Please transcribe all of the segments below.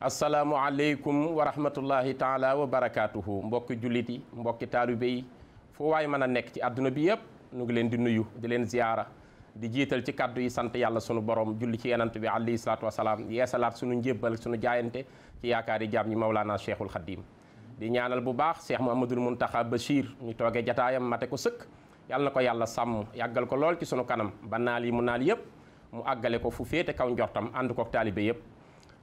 asalaamualeykum wa rahmatullahi taala wa barakaatuhu mbokki jullit yi mbokki taalibe yi fu waay mën a nekk ci àdduna bi yëpp nu ngi leen di nuyu di leen ziyaara di jiital ci kàddu yi sant yàlla sunu borom julli ci yenant bi alayhi salaam wasalaam yeesalaat sunu njébbal sunu jaayante ci yaakaar yi jaam ñi Mawlaana Cheikhul Xadim di ñaanal bu baax Cheikh Mouhamadoul Mountakha Bachir mu toogee jataayam mate ko sëkk yàlla na ko yàlla sàmm yàggal ko lool ci sunu kanam ba naal yi mu naal yëpp mu àggale ko fu féete kaw njortam ànd kook taalibe yëpp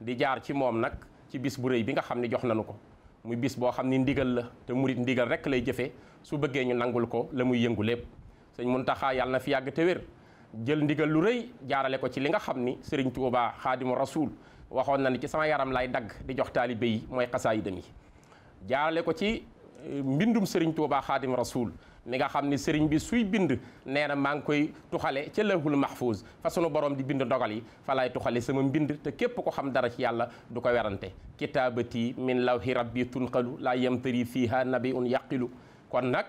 di jaar ci moom nag ci bis bu rëy bi nga xam ne jox nañu ko muy bis boo xam ne ndigal la te murit ndigal rek lay jëfee su bëggee ñu nangul ko la muy yëngu lépp sëñ Muntaxa yàlla na fi yàgg te jël ndigal lu rëy jaarale ko ci li nga xam ni sëriñ Tuuba xaadimu rasuul waxoon na ni ci sama yaram lay dagg di jox taalibe yi mooy xasaayidam yi jaarale ko ci eh, mbindum sëriñ Tuuba xaadimu rasuul mi nga xam ni sëriñ bi suy bind nee na maa ngi koy tuxale ca lawhul mahfuz fa sunu borom di bind ndogal yi fa lay tuxale sama mbind te képp ko xam dara ci yàlla du ko werante kitaabati min lawhi rabbi tunqalu laa yamtari fiha nabiun yaqilu kon nag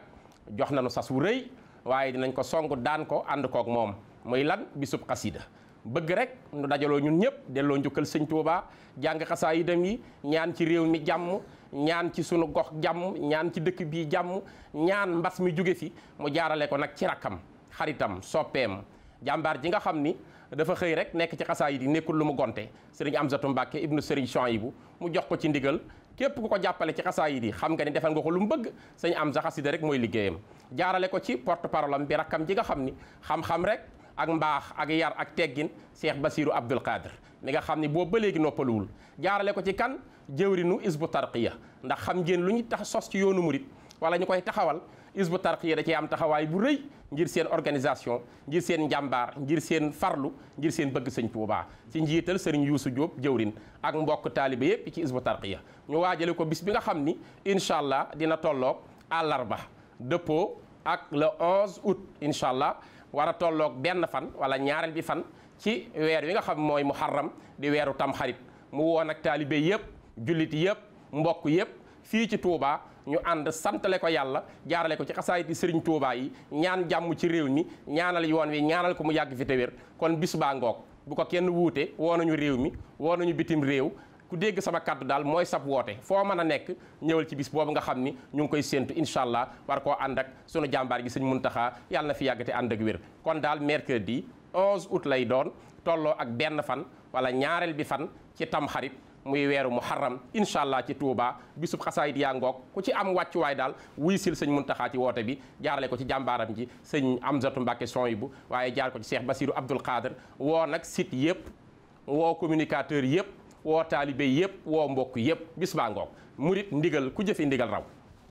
jox nañu sas wu rëy waaye dinañ ko song daan ko ànd kook moom muy lan bisub xasida bëgg rek nu dajaloo ñun ñëpp delloo njukkal sëñ Touba jàng xasaayidam yi ñaan ci réew mi jàmm ñaan ci sunu gox jàmm ñaan ci dëkk bii jàmm ñaan mbas mi jóge fi mu jaarale ko nag ci rakkam xaritam soppeem jàmbaar ji nga xam ni dafa xëy rek nekk ci xasaayid yi nekkul lu mu gonte sëriñ Amsatu Mbàkke ibnu sëriñ bu mu jox ko ci ndigal képp ku ko jàppale ci xasaayid yi xam nga ni defal nga ko lu mu bëgg sëñ Amsa xasida rek mooy liggéeyam jaarale ko ci porte parole am bi rakkam ji nga xam ni xam rek ak mbaax ak yar ak teggin Cheikh Basirou Abdoul Qadir mi nga xam ni boobu ba léegi noppaluwul jaarale ko ci kan jëwrinu isbu tarqiya ndax xam ngeen lu ñu tax sos ci yoonu murit wala ñu koy taxawal isbu tarqiya da cee am taxawaay bu rëy ngir seen organisation ngir seen njàmbaar ngir seen farlu ngir seen bëgg sëñ Tuubaa ci njiital sëriñ Yuusu Jóob jëwrin ak mbokk taalibe yépp ci isbu tarqiya ñu waajale ko bis bi nga xam ni incha allah dina tolloog àllarba dëppoo le 11 août incha allah war a tolloog benn fan wala ñaareel bi fan ci weer wi nga xam mooy muharram di weeru tamxarit mu woon ak taalibe yëpp jullit yëpp mbokk yëpp fii ci tuubaa ñu ànd santale ko yàlla jaarale ko ci xasaayit yi Serigne Touba yi ñaan jàmm ci réew mi ñaanal yoon wi ñaanal ko mu yàgg fi te kon bis baa ngoog bu ko kenn wuute woo nañu réew mi woo nañu bitim réew ku dégg sama kàddu daal mooy sab woote foo mën a nekk ñëwal ci bis boobu nga xam ni ñu ngi koy séentu incha allah war koo ànd ak sunu jàmbaar gi sëñ Muntaxa yàlla na fi yàggate ànd ak wér kon daal mercredi 11 août lay doon tolloo ak benn fan wala ñaareel bi fan ci tamxarit muy weeru muharram incha allah ci Touba bisub xasaayit yaa ngoog ku ci am wàccuwaay daal wuy sil sëñ Muntaxa ci woote bi jaarale ko ci jàmbaaram ji sëñ Amzatu Mbàkke son yi bu waaye jaar ko ci Cheikh Basiru Abdul Qadir woo nag site yëpp woo communicateur yëpp woo taalibe yëpp woo mbokk yëpp bis baa ngoog murit ndigal ku jëfi ndigal raw